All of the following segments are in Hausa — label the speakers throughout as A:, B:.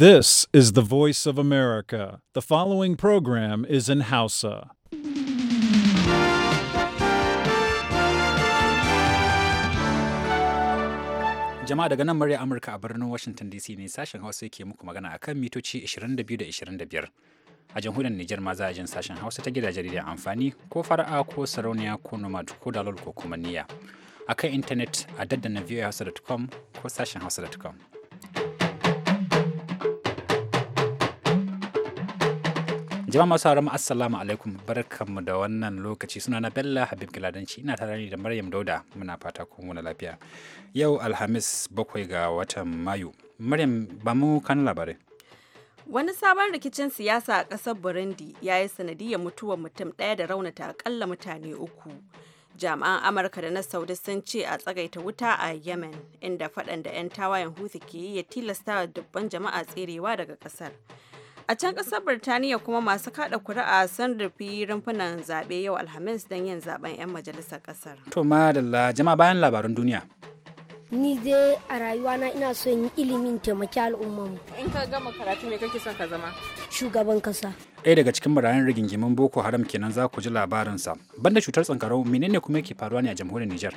A: This is the voice of
B: America. The following program is in Hausa.
A: Jama'a daga nan murya Amurka a birnin Washington DC ne sashen Hausa yake muku magana akan mitoci 22 da 25. A jamhuriyar Nijar ma za a jin sashen Hausa ta gidajen rediyon amfani ko fara'a ko sarauniya ko nomad ko dalol ko kuma niyya. A kan intanet a daddana voahausa.com ko sashen hausa.com. jama'a masu haramu assalamu alaikum barkanmu da wannan lokaci suna na bella habib giladanci ina tare ne da maryam dauda muna fata ku muna lafiya yau alhamis bakwai ga watan mayu maryam ba mu kan labarai
C: Wani sabon rikicin siyasa a ƙasar Burundi ya yi sanadiyar mutuwar mutum ɗaya da raunata akalla mutane uku. Jami'an Amurka da na Saudi sun ce a tsagaita wuta a Yemen, inda faɗan da 'yan tawayen Houthi ke yi ya tilasta dubban jama'a tserewa daga ƙasar. A can kasar Birtaniya kuma masu kada kuri'a sun rufi rumfunan zaɓe yau Alhamis don yin
D: zaben 'yan majalisar ƙasar.
A: To madalla jama'a bayan labaran duniya.
D: Ni dai a rayuwa na ina son ilimin taimaki mu. In ka gama karatu me kake son ka zama? Shugaban kasa.
A: ɗaya daga cikin biranen rigingimin boko haram kenan za ku ji labarinsa banda cutar tsankarau menene kuma yake faruwa ne a jamhuriyar Nijar?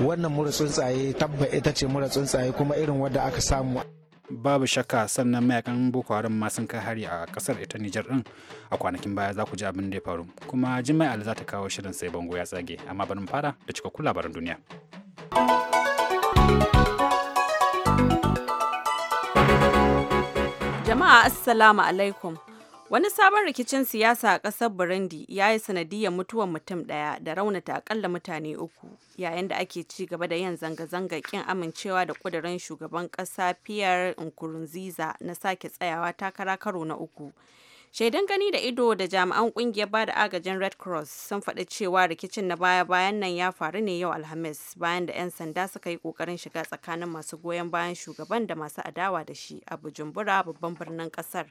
A: wannan mura tsuntsaye tabba ita ce mura tsuntsaye kuma irin wadda aka samu babu shakka sannan mayakan boko haram ma sun kai hari a kasar ita nijar din a kwanakin baya za ku ji abin da ya faru kuma jimai ali za ta kawo shirin sai bango ya tsage amma bari fara da cikakkun labaran duniya
C: jama'a assalamu alaikum Wani sabon rikicin siyasa a ƙasar Burundi ya yi sanadiyar mutuwar mutum ɗaya da raunata akalla mutane uku yayin da ake ci gaba da yin zanga-zanga ƙin amincewa da ƙudurin shugaban ƙasa Pierre Nkurunziza na sake tsayawa takara karo na uku. Shaidan gani da ido da jami'an ƙungiyar bada agajin Red Cross sun faɗi cewa rikicin na baya-bayan nan ya faru ne yau Alhamis bayan da 'yan sanda suka yi ƙoƙarin shiga tsakanin masu goyon bayan shugaban da masu adawa da shi a Bujumbura babban birnin ƙasar.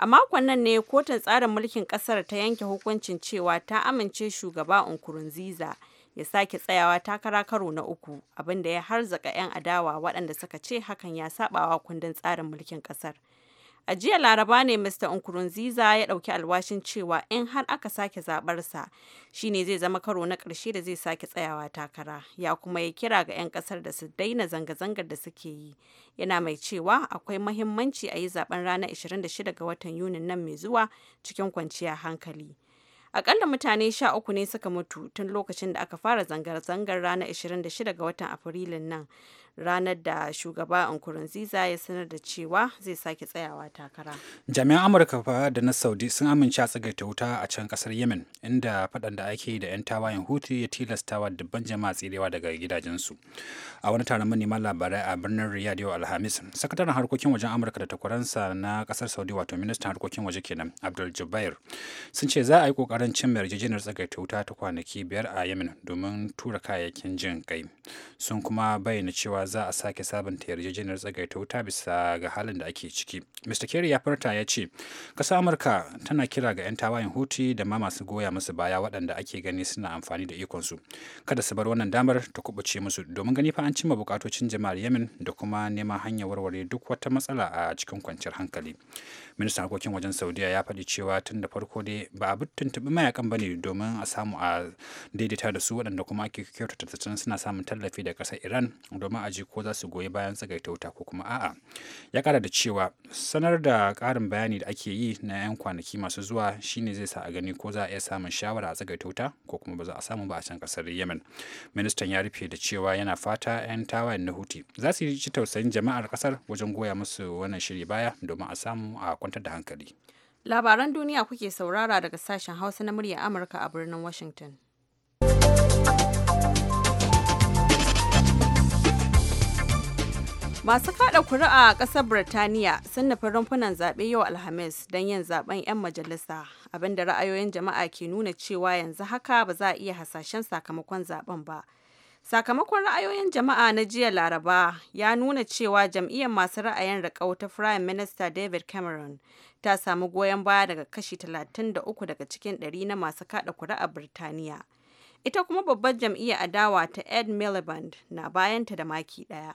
C: A makon nan ne kotun tsarin mulkin kasar ta yanke hukuncin cewa ta amince shugaba Nkurunziza ya sake tsayawa takara karo na uku abinda ya harzaka 'yan adawa waɗanda suka ce hakan ya sabawa kundin tsarin mulkin kasar. A jiya Laraba ne Mr. Nkurunziza ya ɗauki alwashin cewa in har aka sake zaɓarsa shi ne zai zama karo na ƙarshe da zai sake tsayawa takara. Ya kuma ya kira ga 'yan ƙasar da su daina zanga-zangar da suke yi. Yana mai cewa akwai mahimmanci a yi zaɓen ranar 26 ga watan Yunin nan mai zuwa cikin kwanciya hankali. Akalla mutane sha uku ne suka mutu tun lokacin da aka fara zangar-zangar ranar 26 ga watan Afrilun nan ranar da shugaba Nkurunziza ya sanar da cewa zai sake tsayawa takara.
A: Jami'an Amurka fa da na Saudi sun amince a tsagaita wuta a can kasar Yemen inda faɗan da ake da 'yan tawayen Hutu ya tilastawa dubban jama'a tserewa daga gidajensu. A wani taron manema labarai a birnin Riyadh yau Alhamis, sakataren harkokin wajen Amurka da takwaransa na kasar Saudi wato ministan harkokin waje kenan Abdul Jubair sun ce za a yi kokarin cin yarjejeniyar tsagaita wuta ta kwanaki biyar a Yemen domin tura kayayyakin jin kai. Sun kuma bayyana cewa za a sake sabunta yarjejeniyar tsagaita wuta bisa ga halin da ake ciki mr kerry ya furta ya ce "Kasa amurka tana kira ga 'yan tawayen huti da ma masu goya musu baya waɗanda ake gani suna amfani da ikonsu kada su bar wannan damar ta kubuce musu domin gani fa an cimma bukatocin jama'ar yemen da kuma neman hanyar warware duk wata matsala a cikin kwanciyar hankali ministan harkokin wajen saudiya ya faɗi cewa tun da farko dai ba a tuntuɓi mayakan ba ne domin a samu a daidaita da su waɗanda kuma ake kyautata suna samun tallafi da ƙasar iran domin a aji ko za su goyi bayan tsagaita wuta ko kuma a'a ya kara da cewa sanar da karin bayani da ake yi na 'yan kwanaki masu zuwa shine zai sa a gani ko za a iya samun shawara a tsagaita wuta ko kuma ba za a samu ba a can kasar yemen ministan ya rufe da cewa yana fata 'yan tawayen na huti za su yi tausayin jama'ar kasar wajen goya musu wannan shiri baya domin a samu a kwantar da hankali
C: labaran duniya kuke saurara daga sashen hausa na murya amurka a birnin washington Masu kada kuri'a a kasar Birtaniya sun nufi rumfunan zaɓe yau Alhamis don yin zaɓen 'yan majalisa, abinda ra'ayoyin jama'a ke nuna cewa yanzu haka ba za a iya hasashen sakamakon zaɓen ba. Sakamakon ra'ayoyin jama'a na jiya Laraba ya nuna cewa jam'iyyar masu ra'ayin riƙau ta Prime Minister David Cameron ta samu goyon baya daga kashi 33 daga cikin 100 na masu kada kuri'a Birtaniya. Ita kuma babbar jam'iyyar adawa ta Ed Miliband na bayanta da maki ɗaya.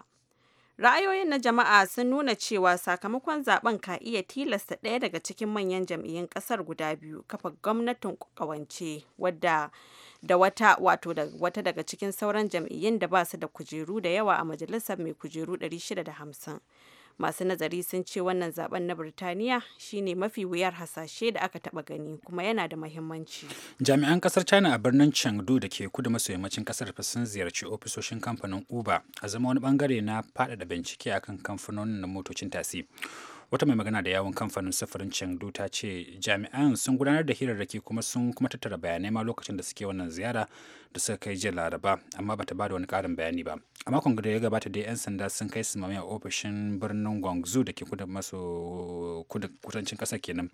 C: Ra'ayoyin na jama'a sun nuna cewa sakamakon zaben ka iya tilasta ɗaya daga cikin manyan jam'iyyun ƙasar guda biyu kafa gwamnatin ƙawance wadda da wata wato da wata daga cikin sauran jam'iyyun da ba su da kujeru da yawa a majalisar mai kujeru 650. masu nazari sun ce wannan zaben na birtaniya shine mafi wuyar hasashe da aka taba gani kuma yana da mahimmanci
A: jami'an kasar china a birnin chengdu da ke kudu maso yammacin kasar sun ziyarci ofisoshin kamfanin uber a zama wani bangare na faɗaɗa bincike akan kamfanonin motocin tasi wata mai magana da yawon kamfanin sufurin chengdu ta ce jami'an sun gudanar da hirarraki kuma sun kuma tattara bayanai ma lokacin da suke wannan ziyara da suka kai jiya laraba amma bata bada wani karin bayani ba a makon da ya gabata dai yan sanda sun kai su mamaya ofishin birnin guangzhou da ke kudu maso kudancin kasa kenan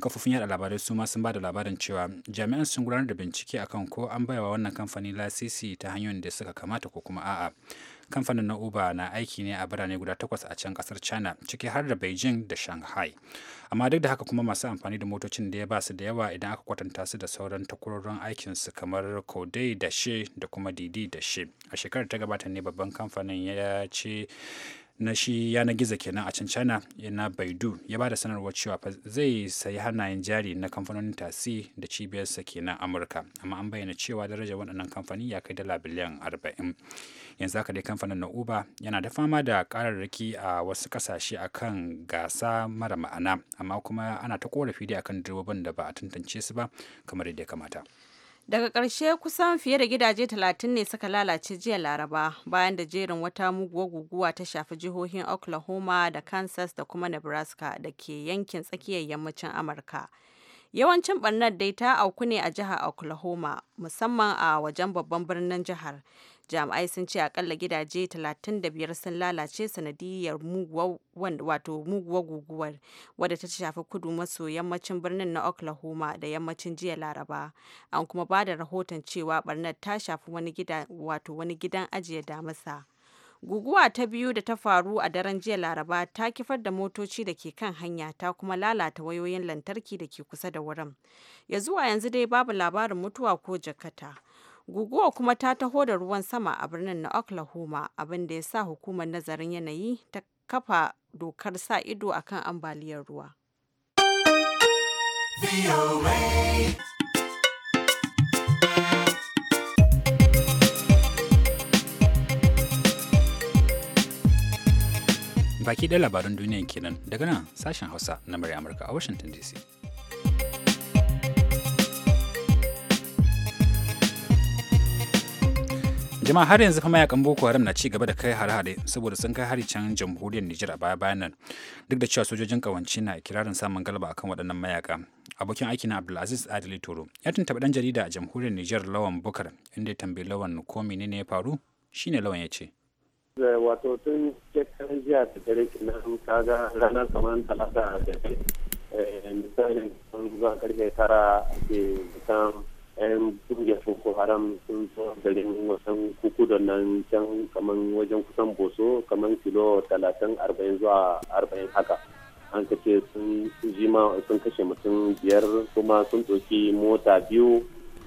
A: kafofin yada labarai su ma sun bada labarin cewa jami'an sun gudanar da bincike akan ko an baiwa wannan kamfani lasisi ta hanyoyin da suka kamata ko kuma a'a kamfanin na uber na aiki ne a birane guda takwas a can kasar china ciki har da beijing da shanghai amma duk da haka kuma masu amfani da motocin da ya ba su da yawa idan aka kwatanta su da sauran takwarorin aikin su kamar kodai da she da kuma didi da she a shekarar ta gabata ne babban kamfanin ya ce na shi yanar gizo kenan a can china na baidu ya ba da sanarwar cewa zai sayi hannayen jari na kamfanonin tasi da cibiyarsa kenan amurka amma an bayyana cewa darajar waɗannan kamfani ya kai dala biliyan 40 yanzu haka dai kamfanin na uber yana da fama da ƙararraki a wasu ƙasashe a kan gasa mara ma'ana amma kuma ana ta korafi dai akan direbobin da ba a tantance su ba kamar yadda ya kamata
C: daga ƙarshe kusan fiye da gidaje talatin ne suka lalace jiya laraba bayan da jerin wata muguwa guguwa ta shafi jihohin oklahoma da kansas da kuma nebraska da ke yankin tsakiyar yammacin amurka yawancin barnar dai ta auku ne a jihar oklahoma musamman a wajen babban birnin jihar jami'ai sun ce akalla gidaje 35 sun lalace sanadiyar wato muguwar guguwar wadda ta shafi kudu maso yammacin birnin na oklahoma da yammacin jiya laraba an kuma ba da rahoton cewa barnar ta shafi wani gida wato wani gidan ajiye damisa guguwa ta biyu da ta faru a daren jiya laraba ta kifar da motoci da ke kan hanya ta kuma lalata wayoyin lantarki da ke kusa da wurin ya zuwa yanzu dai babu labarin mutuwa ko jakata Guguwa kuma ta taho da ruwan sama a birnin na Oklahoma, abin da ya sa hukumar nazarin yanayi ta kafa dokar sa ido akan ambaliyar ruwa.
A: Baki ɗaya labaran duniya kenan daga nan sashen Hausa na murya Amurka a Washington DC. jama'a har yanzu fa mayakan boko haram na ci gaba da kai hare-hare saboda sun kai hari can jamhuriyar nijar a baya bayan nan duk da cewa sojojin kawance na kirarin samun galaba akan waɗannan mayaka abokin aiki na abdulaziz adili toro ya tuntaɓi ɗan jarida a jamhuriyar nijar lawan bukar inda ya tambayi lawan ko menene ya faru shine lawan ya ce
E: eh, wato tun cikin jiya da dare kenan kaga ranar kamar talata da eh, sun zuwa karfe tara ke kan 'yan kungiyar boko haram sun zo garin wasan kuku da nan can kamar wajen kusan boso kaman kilo talatin arba'in zuwa arba'in haka an kace sun jima sun kashe mutum biyar kuma sun ɗauki mota biyu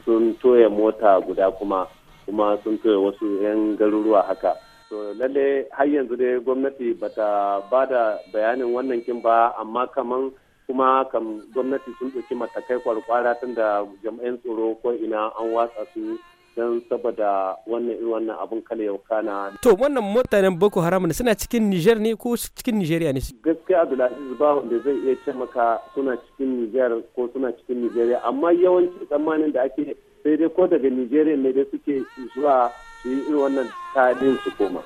E: sun toye mota guda kuma kuma sun toye wasu 'yan garuruwa haka to lalle har yanzu dai gwamnati bata ba da bayanin wannan kin ba amma kaman kuma kan gwamnati sun ɗauki matakai kwarkwara tun da jami'an tsoro ko ina an watsa su don saboda wannan irin wannan abun kala yau kana.
F: To wannan mutanen Boko Haram ne suna
E: cikin Niger ne ko cikin Nigeria ne? Gaskiya Abdulaziz ba wanda zai iya ce maka suna cikin Niger ko suna cikin Nigeria amma yawanci tsammanin da ake sai dai ko daga Nigeria ne da suke zuwa su yi irin wannan kadin su koma.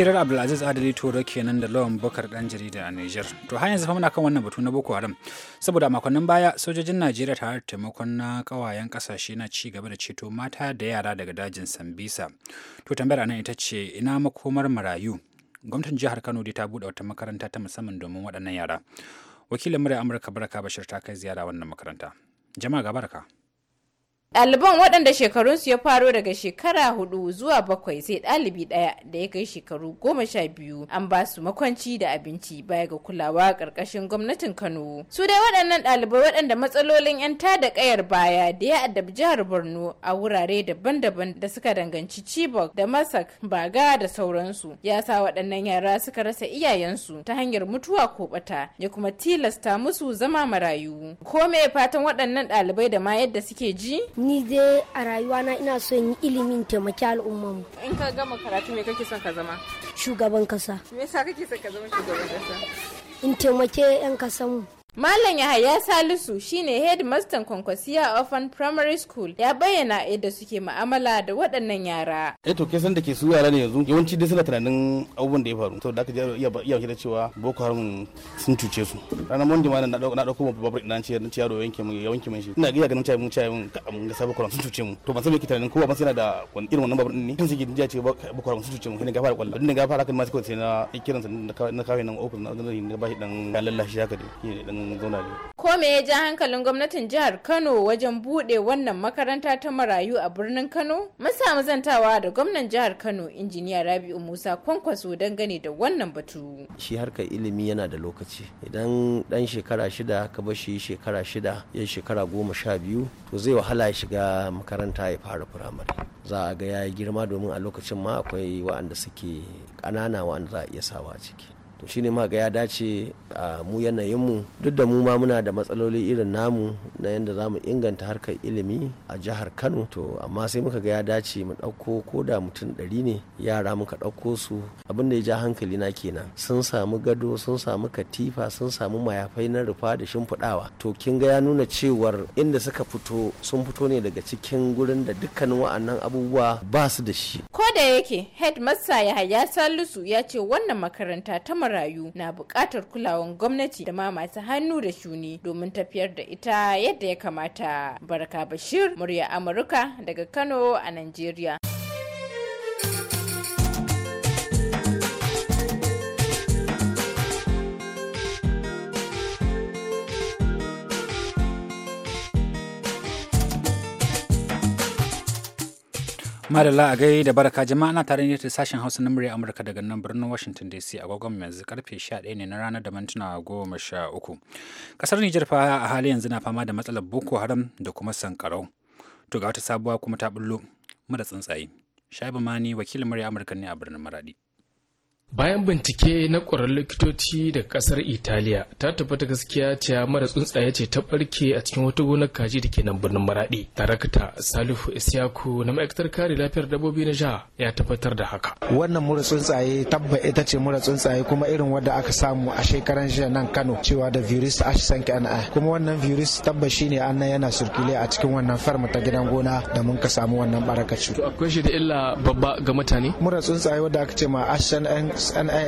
A: kirar abdulaziz adali toro kenan da lawan bakar dan jarida a niger to har yanzu fa muna kan wannan batu na boko haram saboda makonnin baya sojojin najeriya tare da taimakon na kawayen kasashe na ci gaba da ceto mata da yara daga dajin sambisa to tambayar nan ita ce ina makomar marayu gwamnatin jihar kano dai ta bude wata makaranta ta musamman domin waɗannan yara wakilin murya amurka baraka bashir ta kai ziyara wannan makaranta jama'a ga baraka
B: Ɗaliban waɗanda shekarunsu ya faro daga shekara hudu zuwa bakwai sai ɗalibi ɗaya da ya kai shekaru goma sha biyu an ba su makwanci da abinci baya ga kulawa ƙarƙashin gwamnatin Kano. Su dai waɗannan ɗalibai waɗanda matsalolin 'yan ta da ƙayar baya da ya addabi jihar Borno a wurare daban-daban da suka danganci Chibok da Masak, Baga da sauransu ya sa waɗannan yara suka rasa iyayensu ta hanyar mutuwa ko ɓata ya kuma tilasta musu zama marayu. Ko me fatan waɗannan ɗalibai da ma yadda suke ji?
D: ni dai a rayuwa na, ina son yi ilimin taimaki al'ummar mu.
B: In ka gama karatu me kake son ka zama?
D: Shugaban kasa.
B: Me yasa kake son ka zama shugaban kasa? In taimake 'yan kasa mu. Malam Yahaya Salisu shine headmaster Kwankwasiya Orphan Primary School ya bayyana yadda suke ma'amala da waɗannan yara.
F: Eh to kesan da ke su yara ne yanzu yawanci dai suna tunanin abubuwan da ya faru. Saboda da aka iya iya da cewa Boko Haram sun cuce su. Ranar Monday ma na dauko babur ina ce ce yaro yanke mu ya mun shi. Ina ga ganin cewa mun cewa mun ga sabo Haram sun cuce mu. To ban san me ke tunanin kowa ba sai da irin wannan babur din ne. Kin sai gidan ce Boko Haram sun cuce mu ne gafara kwalla. Din fara kan ma sai na kiransa na kawai nan ofis na ga ba shi dan lallashi haka dai. mun
B: Ko me ya ja hankalin gwamnatin jihar Kano wajen bude wannan makaranta ta marayu a birnin Kano? Mun samu zantawa da gwamnan jihar Kano injiniya Rabi'u Musa kwankwaso dangane da wannan batu.
E: Shi harkar ilimi yana da lokaci. Idan dan shekara shida ka bar shi shekara shida ya shekara goma sha biyu to zai wahala ya shiga makaranta ya fara firamare. Za a ga ya girma domin a lokacin ma akwai wa'anda suke ƙanana wa'anda za a iya sawa a ciki. to shine ma ga ya dace a mu yanayinmu duk da mu ma muna da matsaloli irin namu na yadda za mu inganta harkar ilimi a jihar kano to amma sai muka ga ya dace mu ɗauko ko da mutum ɗari ne yara muka ɗauko su abin da ya ja hankali na kenan sun samu gado sun samu katifa sun samu mayafai na rufa da shimfiɗawa to kin ga ya nuna cewar inda suka fito sun fito ne daga cikin gurin da dukkan wa'annan abubuwa ba su da shi
B: ko da yake headmaster yahaya salisu ya ce wannan makaranta ta marayu na buƙatar kulawan gwamnati da ma masu hannu da shuni domin tafiyar da ita yadda ya kamata. Barka Bashir, murya Amurka daga Kano a Najeriya.
A: Madalla a gai da baraka jama'a na tare ne da sashen Hausa na murya Amurka daga nan birnin Washington DC agogon yanzu karfe 11 ne na ranar da mintuna 13. Kasar Nijar fa a hali yanzu na fama da matsalar Boko Haram da kuma sankarau. To ga wata sabuwa kuma ta bullo mara tsuntsaye. Shaibu Mani wakilin murya Amurka ne a birnin Maradi.
F: bayan bincike na ƙwararrun likitoci da ƙasar italiya ta tabbata gaskiya cewa mara tsuntsaye ce ta barke a cikin wata gonar kaji da ke nan birnin maraɗi tarakta salihu isyaku na ma'aikatar kare lafiyar dabbobi na jiha ya tabbatar da haka wannan mura tsuntsaye tabba ita ce mura tsuntsaye kuma irin wadda aka samu a shekaran jiya nan kano cewa da virus h5n1 kuma wannan virus tabba shine annan yana surkile a cikin wannan farma ta gidan gona da mun ka samu wannan barakaci to akwai shi da illa babba ga mutane mura tsuntsaye wadda aka ce ma h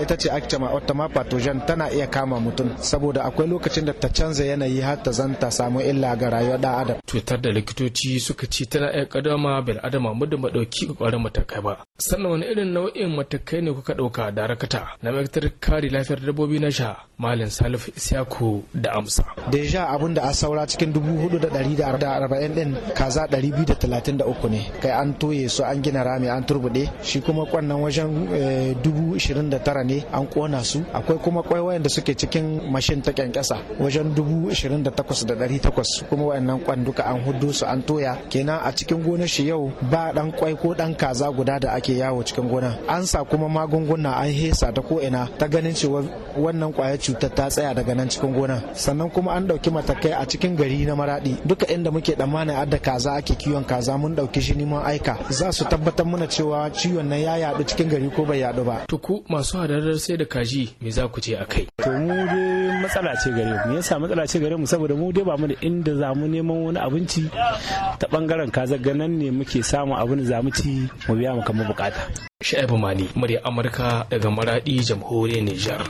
F: ita ce cewa ma pathogen tana iya kama mutum saboda akwai lokacin da ta canza yanayi har ta zanta samu illa ga rayuwar da adam cutar da likitoci suka ci tana iya kadama bil adama muddin ba dauki kokarin matakai ba sannan wani irin nau'in matakai ne kuka dauka da rakata na ma'aikatar kare lafiyar dabbobi na sha malam salif isyaku da amsa deja abun da a saura cikin dubu hudu da dari da arba'in din kaza dari biyu da talatin da uku ne kai an toye su an gina rami an turbude shi kuma kwannan wajen eh, dubu ishirin 29 ne an kona su akwai kuma kwai da suke cikin mashin ta kyankyasa wajen 28,800 kuma wayannan kwan duka an hudu su an toya kenan a cikin gonar shi yau ba dan kwai ko dan kaza guda da ake yawo cikin gona an sa kuma magunguna an hesa ta ko ina ta ganin cewa wannan kwaya cutar ta tsaya daga nan cikin gona sannan kuma an dauki matakai a cikin gari na maradi duka inda muke tsammanin adda kaza ake kiwon kaza mun dauki shi neman aika za su tabbatar mana cewa ciwon nan ya yadu cikin gari ko bai yadu ba tuku masu hadarar sai da kaji me za ku ce a kai. To mu dai matsala ce gare mu yasa matsala ce gare mu saboda mu dai ba mu da inda za mu neman wani abinci ta bangaren kaza ganan ne muke samun abin da za mu ci mu biya mu kamar bukata. Sha'ibu Mali, murya Amurka daga Maradi, jamhuriyar Nijar.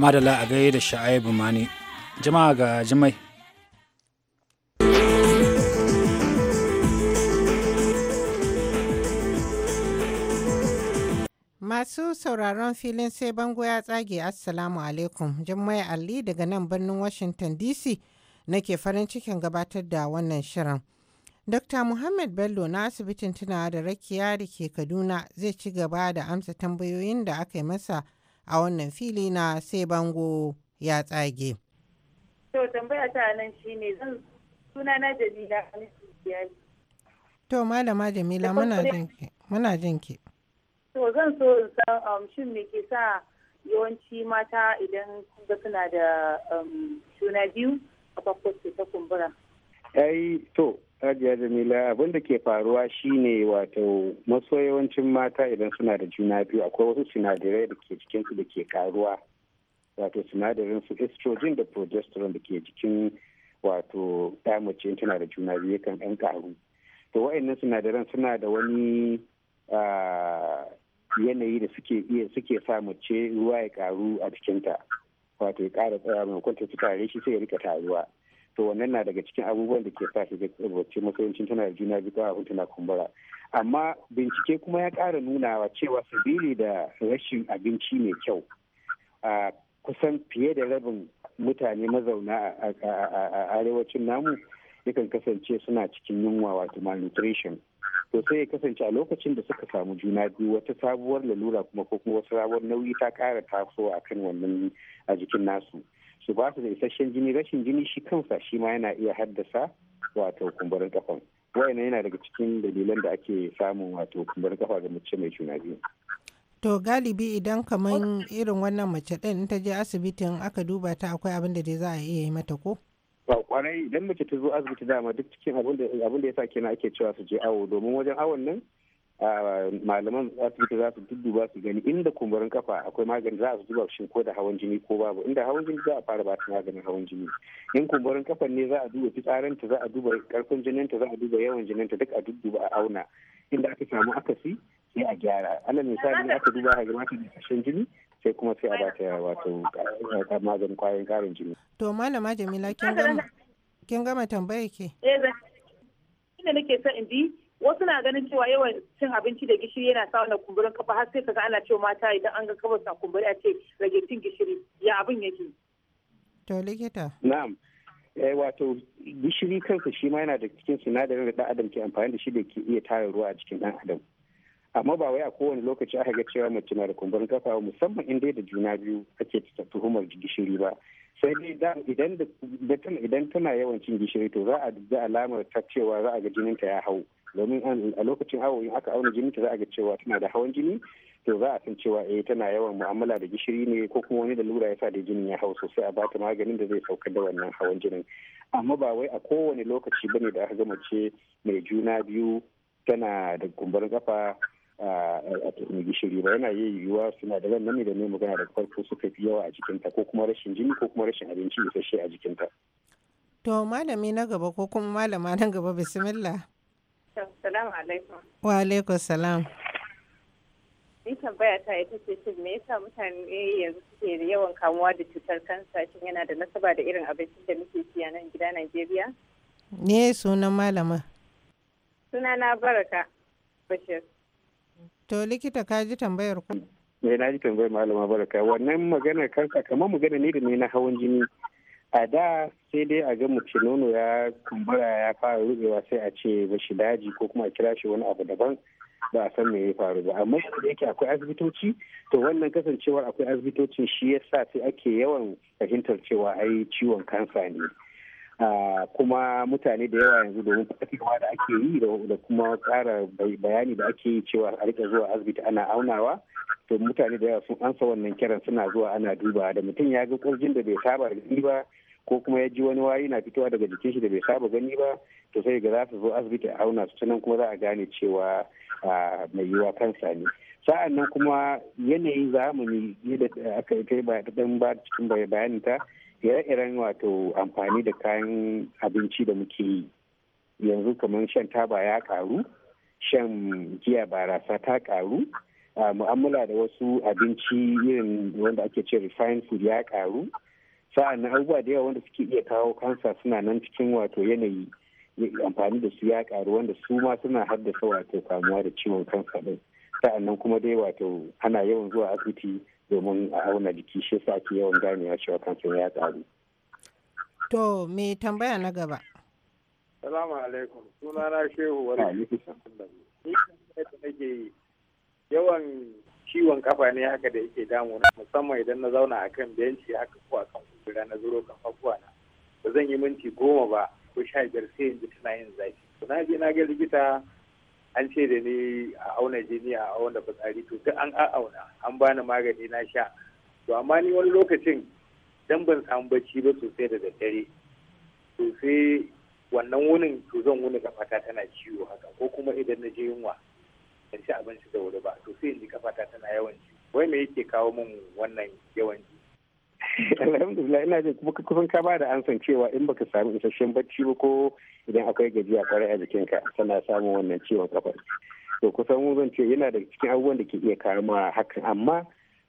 A: madala a gaida sha'aibu mani jama'a ga jimai
G: Masu sauraron filin sai bango ya tsage Assalamu alaikum. jimai Ali daga nan birnin Washington DC nake farin cikin gabatar da wannan shirin. Dr. Muhammad Bello na asibitin tunawa da rakiya da ke Kaduna zai ci gaba da amsa tambayoyin da aka yi masa a wannan fili na sai bango ya tsage.
B: To tambaya ta nan shi ne zan suna na Jamila
G: To malama Jamila muna jinki muna jinki. To zan so in san um, shin me ke sa yawanci mata idan ga suna da suna um, biyu a su ta kumbura.
H: Ai to Hajiya Jamila abin da ke faruwa shine wato maso yawancin mata idan suna da juna biyu akwai wasu sinadarai da ke jikinsu da ke karuwa wato sinadarin su estrogen da progesterone da ke jikin wato mace in tana da juna biyu yakan ɗan karu to wa'annan sinadaran suna da wani yanayi da suke iya suke sa mace ruwa ya karu a jikinta wato ya ƙara tsaya kwanta ta tare shi sai ya rika taruwa to wannan na daga cikin abubuwan da ke sa ka gabace makarancin tana da juna biyu a tana kumbura amma bincike kuma ya ƙara nunawa cewa sabili da rashin abinci mai kyau a kusan fiye da rabin mutane mazauna a arewacin namu yakan kasance suna cikin yunwa wato malnutrition to sai ya kasance a lokacin da suka samu juna biyu wata sabuwar lalura kuma ko kuma wasu sabuwar nauyi ta ƙara tasowa akan wannan a jikin nasu su ba su da isasshen jini rashin jini shi kansa shi ma yana iya haddasa wato kumburin kafan wayannan yana daga cikin dalilan da ake samun wato kumburin kafa ga mace mai juna biyu
G: to galibi idan kamar irin wannan mace din ta je asibitin aka duba ta akwai abin da za a iya yi mata ko
H: ba idan mace ta zo asibiti dama duk cikin abin da ya sa kenan ake cewa su je awo domin wajen awon nan malaman asibiti za su dudduba su gani inda kumburin kafa akwai magani za su duba shin ko da hawan jini ko babu inda hawan jini za a fara ba ta maganin hawan jini in kumburin kafan ne za a duba fitsarinta za a duba karfin jininta za a duba yawan jininta duk a dudduba a auna inda aka samu akasi sai a gyara alal misali aka duba a girma ta da jini sai kuma sai a ba ta wato maganin kwayoyin karin jini.
G: to malama jamila kin gama tambayar ke. eh nake sa in bi wasu na ganin cewa yawan cin abinci da gishiri yana sa wannan kumburin kafa har sai kaga ana cewa mata idan an ga kafa sa kumburi a ce rage cin gishiri ya abin yake to
H: likita na'am eh wato gishiri kansa shi ma yana da cikin sinadarin da dan adam ke amfani da shi da ke iya tara ruwa a cikin dan adam amma ba wai a kowane lokaci aka ga cewa mace na da kumburin kafa musamman inda dai da juna biyu ake tuhumar gishiri ba sai dai idan idan tana yawan cin gishiri to za a dubi alamar ta cewa za a ga jinin ta ya hau domin a lokacin awo in aka auna jini ta za a ga cewa tana da hawan jini to za a san cewa eh tana yawan mu'amala da gishiri ne ko kuma wani da lura ya sa da jinin ya hau sosai a bata maganin da zai saukar da wannan hawan jinin amma ba wai a kowane lokaci bane da aka gama ce mai juna biyu tana da kumbarin kafa a tuhumi gishiri ba yana yi yiwuwa suna da zan nami da ne magana da farko suka fi yawa a jikinta ko kuma rashin jini ko kuma rashin abinci isasshe a jikinta.
G: To malami na gaba ko kuma malama na gaba bismillah. Salamu alaikum. Wa alaikum salam. Ni tambaya ta ita ce shin me yasa mutane yanzu suke yawan kamuwa da cutar kansa shin yana da nasaba
B: da irin abincin da muke ci a nan gida Najeriya?
G: Ne sunan malama.
B: na Baraka Bashir.
G: To likita ka ji tambayar ku?
H: Me eh, na ji tambayar malama Baraka wannan magana kansa kamar magana ne da ne na hawan jini. a da sai dai a ga mace nono ya kumbura ya fara rubewa sai a ce mashi daji ko kuma a kira shi wani abu daban ba a san me ya faru ba amma yadda yake akwai asibitoci to wannan kasancewar akwai asibitocin shi ya yasa sai ake yawan fahimtar cewa ai ciwon kansa ne kuma mutane da yawa yanzu domin fatewa da ake yi da kuma kara bayani da ake yi cewa a rika zuwa asibiti ana aunawa to mutane da yawa sun ansa wannan kiran suna zuwa ana duba da mutum ya ga kurjin da bai saba da ba ko kuma ya ji wani wari na fitowa daga jikin shi da bai saba gani ba to sai ga za su zo asibiti a auna su sannan kuma za a gane cewa mai yiwuwa kansa ne sa'an nan kuma yanayin zamani yadda aka yi ta dan ba cikin bayaninta ire-iren wato amfani da kayan abinci da muke yi yanzu kamar shan taba ya karu shan giya barasa ta karu mu'amala da wasu abinci irin wanda ake ce refined food ya karu sa'an abubuwa da yawa wanda suke iya kawo kansa suna nan cikin wato yanayi amfani da su ya karu wanda su ma suna haddasa wato kamuwa da ciwon kansa din sa'an nan kuma dai wato ana yawan zuwa asibiti domin a auna jiki shi yasa ake yawan ya cewa kansa ya karu
G: to me tambaya na gaba
H: salamu alaikum suna na shehu wani ni da nake yawan ciwon kafa ne haka da yake damu musamman idan na zauna a kan benci haka ko a kan fura na zuro kafafuwa na ba zan yi minti goma ba ko sha biyar sai yanzu tana yin zafi na je na ga likita an ce da ni a auna jini a auna fitsari to duk an auna an bani magani na sha to amma ni wani lokacin dan ban samu bacci ba sosai da daddare to sai wannan wunin to zan wuni kafata tana ciwo haka ko kuma idan na je yunwa ban ci abinci da wuri ba to sai in kafata tana yawan ci wai me yake kawo min wannan yawan alhamdulillah ina jin kuma kusan ka ba da ansan cewa in baka samu isasshen bacci ba ko idan akwai gajiya kwarai a jikinka tana samun wannan ciwon kafa to kusan zan ce yana da cikin abubuwan da ke iya kawo ma hakan amma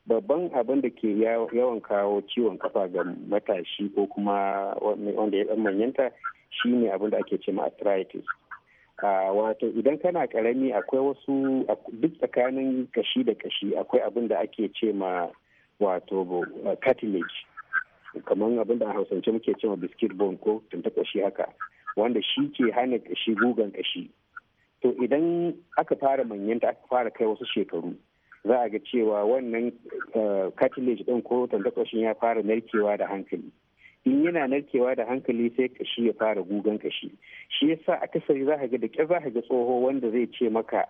H: babban abin da ke yawan kawo ciwon kafa ga matashi ko kuma wanda ya dan manyanta shine abin da ake ce ma arthritis wato idan kana karami akwai wasu duk tsakanin kashi da kashi akwai abin da ake ce wato uh, cartilage kamar abin da a hausance muke cewa biscuit bone ko tuntaƙashi haka wanda shi ke hana kashi gugan kashi to idan aka fara manyanta aka fara kai wasu shekaru za a ga cewa wannan uh, cartilage din ko tantakashin ya fara narkewa da hankali in yana narkewa da hankali sai kashi ya fara gugan kashi shi yasa kasari za ga da ƙyar za ga tsoho wanda zai ce maka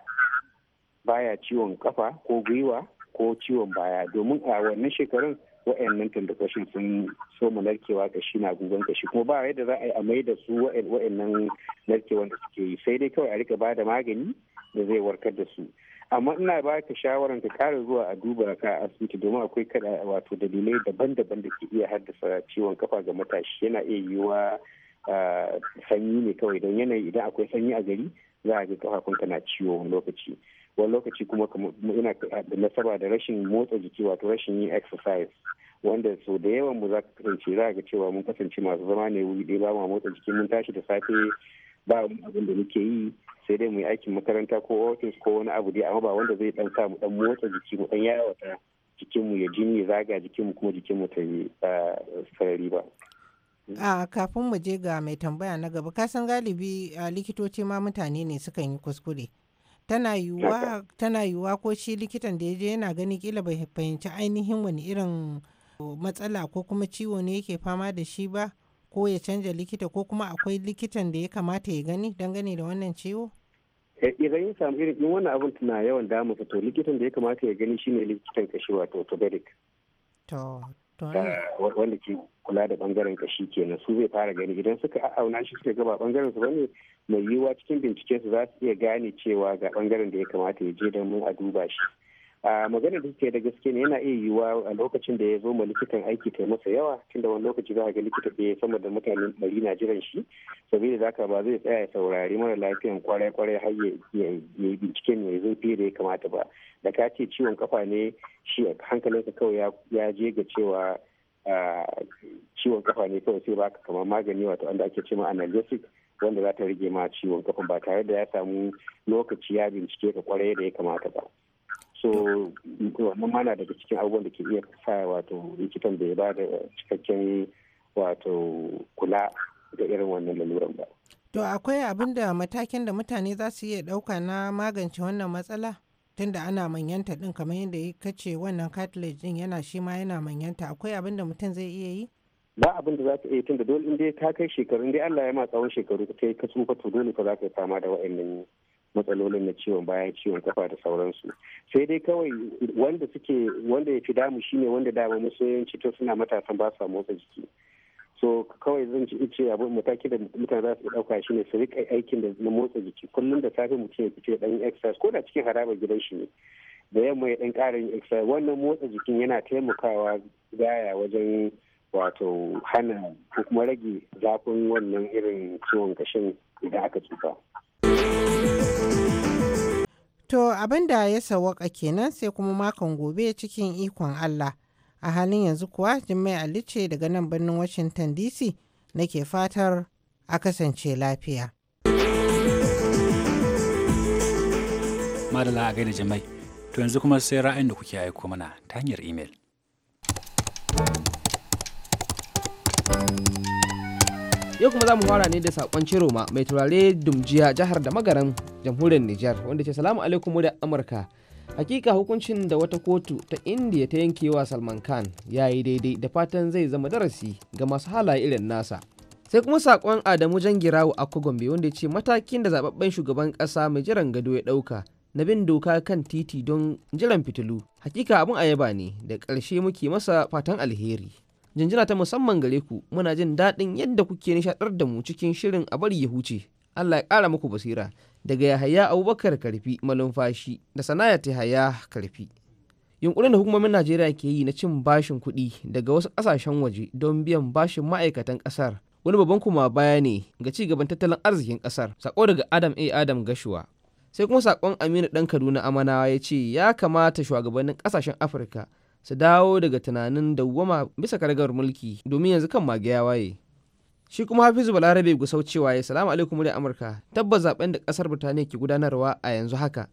H: baya ciwon kafa ko gwiwa ko ciwon baya domin a wannan shekarun wa'annan tundukashin sun so mu narkewa shi na gugan kashi kuma ba yadda za a yi a mai da su wa'annan narkewan da suke yi sai dai kawai a rika ba da magani da zai warkar da su amma ina ba ka shawaran ka kara zuwa a duba ka a asibiti domin akwai kada wato dalilai daban-daban da ke iya haddasa ciwon kafa ga matashi yana iya yiwuwa sanyi ne kawai don yanayi idan akwai sanyi a gari za a ga kafafunka na ciwo lokaci wani lokaci kuma ina da nasaba da rashin motsa jiki wato rashin yin exercise wanda so da yawan mu za ka kasance za ga cewa mun kasance masu zama ne wuri ɗaya ba mu motsa jiki mun tashi da safe ba abin da muke yi sai dai mu yi aikin makaranta ko ofis ko wani abu dai amma ba wanda zai dan sa mu dan motsa jiki mu dan yawata jikin mu ya jini ya zaga jikin mu kuma jikin mu ta yi sarari ba
G: a kafin mu je ga mai tambaya na gaba kasan galibi likitoci ma mutane ne sukan yi kuskure tana yiwuwa ko shi likitan da ya je yana gani kila bai fahimci ainihin wani irin matsala ko kuma ciwo ne yake fama da shi ba ko ya canja likita ko kuma akwai likitan da ya kamata ya gani dangane da wannan ciwo?
H: idan eh, ya samu irin wannan abin na yawan damu to likitan da ya kamata ya gani shine likitan kashi wato wanda ke kula da bangaren kashi kenan su zai fara gani idan suka auna shi suka gaba bangaren su bane mai yiwuwa cikin binciken su za su iya gane cewa ga bangaren da ya kamata ya je don mun a duba shi a magana da da gaske ne yana iya yiwuwa a lokacin da ya zo ma likitan aiki ta masa yawa tunda wani lokaci za ga likita da sama da mutane ɗari na jiran shi saboda da haka ba zai tsaya ya saurari mara lafiyan kwarai kwarai har ya yi binciken ya zo fiye da ya kamata ba da ka ce ciwon kafa ne shi hankalinsa kawai ya je ga cewa ciwon kafa ne kawai sai baka kamar magani wato wanda ake ce ma analgesic wanda za ta rage ma ciwon kafa ba tare da ya samu lokaci ya bincike ka kwarai da ya kamata ba. so wannan mana daga cikin abubuwan da ke iya sa wato likitan bai ba da cikakken wato kula da irin wannan laluran ba
G: to akwai abin da matakin da mutane za su iya ɗauka na magance wannan matsala tunda ana manyanta din kamar yadda ka ce wannan cartilage din yana shi ma yana manyanta akwai abin da mutum zai iya yi
H: ba abin da za ka iya tunda dole in dai ka kai shekarun dai Allah ya ma tsawon shekaru ka kai ka tsufa to dole ka za ka fama da wa'annan matsalolin na ciwon baya ciwon kafa da sauransu sai dai kawai wanda suke wanda ya fi damu shine wanda dama masoyan to suna matasan ba sa motsa jiki so kawai zan ci ce abu mataki da mutane za su dauka shine su rika aikin da na motsa jiki kullum da safe mutum ya fice dan exercise ko da cikin harabar gidan shi ne da yamma ya dan ƙara yin exercise wannan motsa jikin yana taimakawa gaya wajen wato hana ko kuma rage zafin wannan irin ciwon kashin idan aka tsufa.
G: To abin ya sawaka kenan sai kuma makon gobe cikin ikon Allah. A halin yanzu kuwa Jummai Ali ce daga nan birnin Washington DC nake fatar a kasance lafiya.
A: Madala a gaida Jummai, to yanzu kuma sai ra'ayin da kuke aiko mana ta hanyar imel.
D: yau kuma za mu fara ne da sakon ciroma mai turare dumjiya jihar da magaran jamhuriyar nijar wanda ce salamu alaikum da amurka hakika hukuncin da wata kotu ta indiya ta yankewa salman khan ya yi daidai da fatan zai zama darasi ga masu halaye irin nasa sai kuma sakon adamu jangirawo a gombe wanda ce matakin da zababben shugaban kasa mai jiran gado ya dauka na bin doka kan titi don jiran fitilu hakika abin ayaba ne da ƙarshe muke masa fatan alheri jinjina ta musamman gare ku muna jin daɗin yadda kuke nishaɗar da mu cikin shirin a bari ya huce Allah ya ƙara muku basira daga Yahaya Abubakar Karfi malumfashi da ta Yahaya Karfi yunkurin da hukumomin Najeriya ke yi na cin bashin kuɗi daga wasu ƙasashen waje don biyan bashin ma'aikatan ƙasar wani babban kuma baya ne ga ci gaban tattalin arzikin ƙasar sako daga Adam A Adam Gashuwa sai kuma sakon Aminu ɗan Kaduna Amanawa ya ce ya kamata shugabannin ƙasashen Afirka su dawo daga tunanin dawwama bisa kargar mulki domin yanzu kan mage ya waye shi kuma hafizu balarabe gusau cewa ya salamu alaikum da amurka tabbas zaben da kasar birtaniya ke gudanarwa a yanzu haka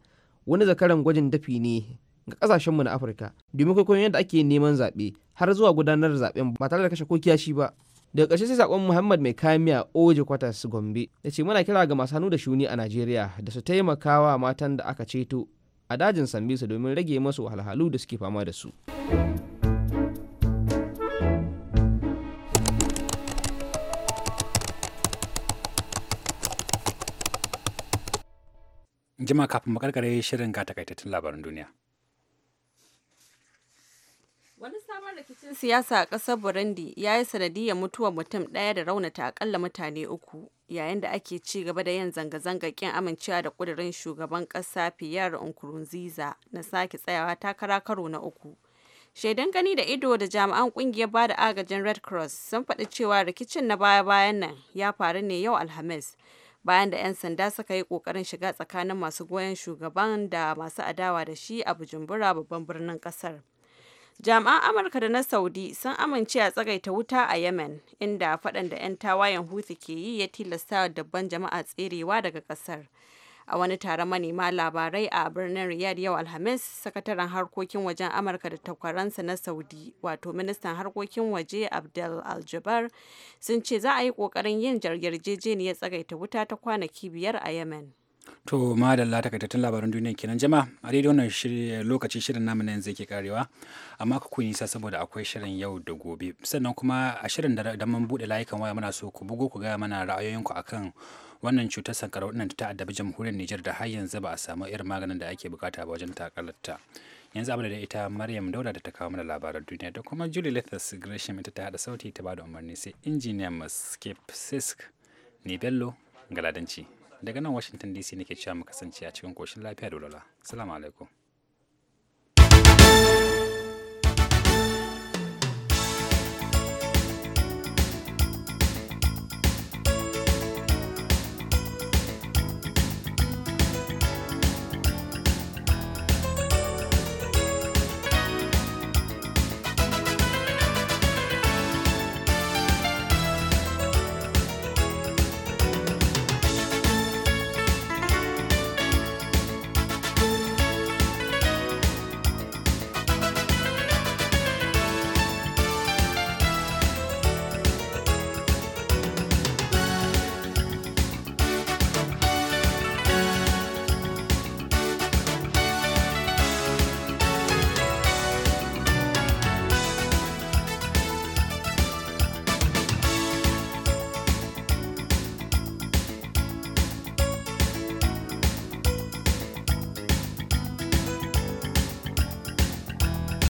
D: wani zakaran gwajin dafi ne ga kasashenmu na afirka domin kwaikwayon yadda ake neman zaɓe har zuwa gudanar zaɓen ba tare da kashe ko kiyashi ba daga ƙarshe sai sakon muhammad mai kamiya oje kwatas gombe da ce muna kira ga masu hannu da shuni a najeriya da su taimaka wa matan da aka ceto a dajin sambisa domin rage masu wahalhalu da suke fama da su.
A: jima kafin makarkare shirin ga takaitattun labarin duniya.
C: Wani sabon rikicin siyasa a ƙasar Burundi ya yi sanadiyar mutuwar mutum ɗaya da raunata aƙalla mutane uku yayin da ake ci gaba da yin zanga-zanga ƙin amincewa da ƙudurin shugaban ƙasa fiyar Nkurunziza na sake tsayawa takara karo na uku. Shaidan gani da ido da jami'an kungiyar bada agajin Red Cross sun faɗi cewa rikicin na baya-bayan nan ya faru ne yau Alhamis bayan da 'yan sanda suka yi ƙoƙarin shiga tsakanin masu goyon shugaban da masu adawa da shi a Bujumbura babban birnin kasar Jami'an Amurka da na Saudi sun amince a tsagaita wuta a Yemen inda faɗan da 'yan tawayen hutu ke yi ya tilasta dabban jama'a tserewa daga kasar. a wani taron manema labarai a birnin riyadh yau alhamis sakataren harkokin wajen amurka da takwaransa na saudi wato ministan harkokin waje abdel aljabar sun ce za a yi kokarin yin ya tsagaita wuta ta kwanaki biyar a yemen
A: to madalla takaitattun labaran duniya kenan jama a daidai wannan lokaci shirin namu na yanzu yake karewa amma ku kun nisa saboda akwai shirin yau da gobe sannan kuma a shirin da mun buɗe layukan waya muna so ku bugo ku gaya mana ra'ayoyinku akan wannan cutar sankarau ɗin ta addabi jamhuriyar Nijar da har yanzu ba a samu irin maganin da ake bukata ba wajen takalarta. Yanzu abu da ita Maryam Dauda da ta kawo mana labaran duniya da kuma Julie Lethas Gresham ita ta hada sauti ta bada umarni sai injiniyan Maskip Sisk ne Bello Galadanci. Daga nan Washington DC nake cewa mu kasance a cikin koshin lafiya da walwala. Assalamu alaikum.